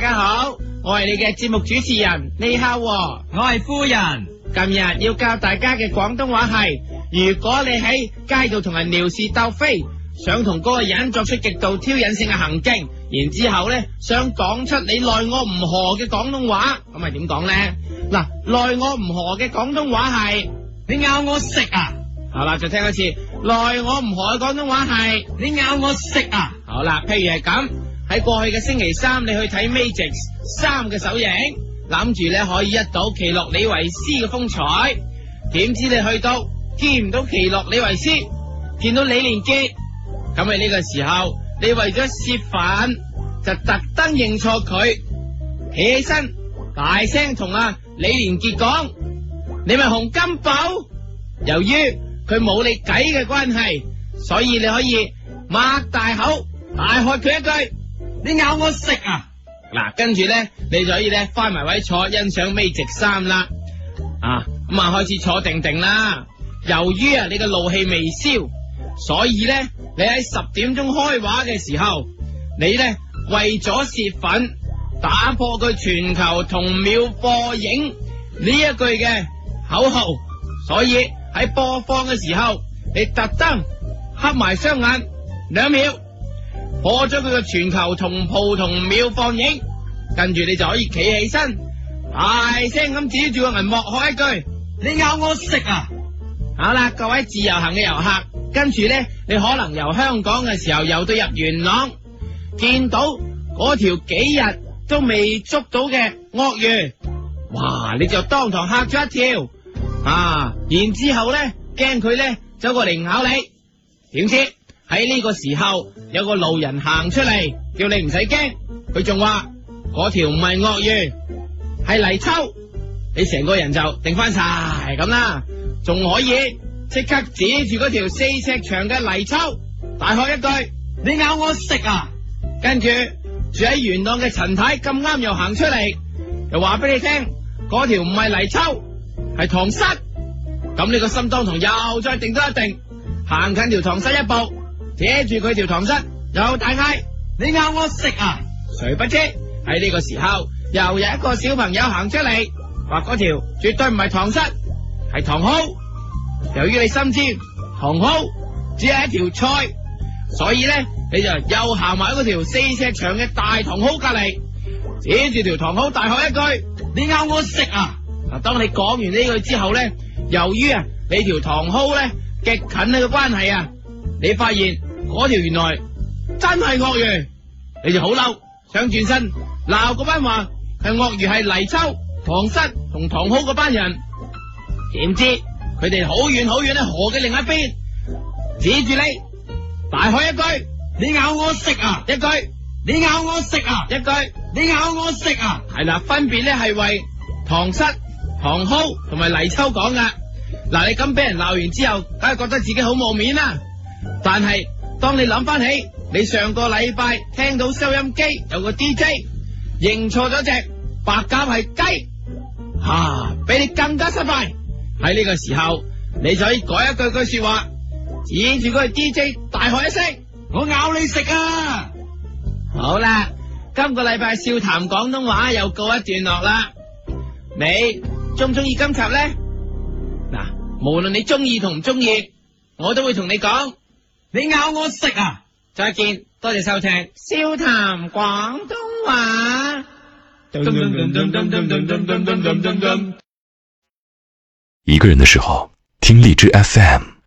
大家好，我係你嘅節目主持人李孝和、哦。我係夫人。今日要教大家嘅廣東話係，如果你喺街度同人撩事鬥非，想同嗰個人作出極度挑釁性嘅行徑，然之後呢，想講出你奈我唔何嘅廣東話，咁咪點講呢？嗱，奈我唔何嘅廣東話係，你咬我食啊！好啦，再聽一次，奈我唔何嘅廣東話係，你咬我食啊！好啦，譬如係咁。喺過去嘅星期三，你去睇《Matrix》三嘅首映，諗住咧可以一睹奇洛李維斯嘅風采。點知你去到見唔到奇洛李維斯，見到李連杰，咁喺呢個時候，你為咗洩憤，就特登認錯佢，起起身大聲同阿李連杰講：你咪洪金寶。由於佢冇你計嘅關係，所以你可以擘大口大喝佢一句。你咬我食啊！嗱，跟住咧，你就可以咧翻埋位坐欣賞《微值三》啦，啊咁啊、嗯、開始坐定定啦。由於啊你嘅怒氣未消，所以咧你喺十點鐘開畫嘅時候，你咧為咗泄憤打破佢全球同秒播映呢一句嘅口號，所以喺播放嘅時候，你特登黑埋雙眼兩秒。破咗佢嘅全球同蒲同廟放映，跟住你就可以企起身，大聲咁指住個銀幕，開一句，你咬我食啊！好啦，各位自由行嘅遊客，跟住咧，你可能由香港嘅時候遊到入元朗，見到嗰條幾日都未捉到嘅鱷魚，哇！你就當堂吓咗一跳，啊！然之後咧，驚佢咧走過嚟咬你，點知？喺呢個時候，有個路人行出嚟，叫你唔使驚。佢仲話：嗰條唔係鱷魚，係泥鰍。你成個人就定翻晒咁啦，仲、就是、可以即刻指住嗰條四尺長嘅泥鰍，大喝一句：你咬我食啊！跟住住喺元朗嘅陳太咁啱又行出嚟，又話俾你聽：嗰條唔係泥鰍，係塘虱。」咁你個心當堂又再定多一定，行緊條塘虱一步。扯住佢條糖虱，又大嗌：你咬我食啊！誰不知喺呢個時候，又有一個小朋友行出嚟話：嗰條絕對唔係糖虱，係糖蒿。由於你深知糖蒿只係一條菜，所以咧你就又行埋嗰條四尺長嘅大糖蒿隔籬，扯住條糖蒿大喊一句：你咬我食啊！嗱，當你講完呢句之後咧，由於啊你條糖蒿咧極近呢個關係啊，你發現。嗰條原來真係鱷魚，你就好嬲，想轉身鬧嗰班話係鱷魚係泥鰍、唐室同唐昊嗰班人，點知佢哋好遠好遠喺河嘅另一邊，指住你大開一句：你咬我食啊！一句：你咬我食啊！一句：你咬我食啊！係啦，分別咧係為唐室、唐昊同埋泥鰍講噶。嗱，你咁俾人鬧完之後，梗係覺得自己好冇面啦，但係。當你諗翻起你上個禮拜聽到收音機有個 DJ 認錯咗隻白鴿係雞，啊，俾你更加失敗。喺呢個時候，你就可以改一句句說話，指住嗰個 DJ 大喝一聲：我咬你食啊！好啦，今個禮拜笑談廣東話又告一段落啦。你中唔中意今集咧？嗱，無論你中意同唔中意，我都會同你講。你咬我食呀！再見，多謝收聽。笑談廣東話。一個人的時候，聽荔枝 FM。